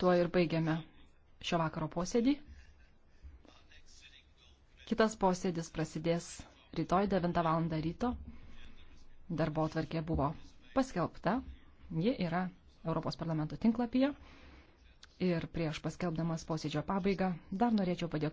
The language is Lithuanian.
Tuo ir baigiame šio vakaro posėdį. Kitas posėdis prasidės rytoj 9 val. ryto. Darbo atvarkė buvo paskelbta. Ji yra Europos parlamento tinklapyje. Ir prieš paskelbdamas posėdžio pabaigą dar norėčiau padėkoti.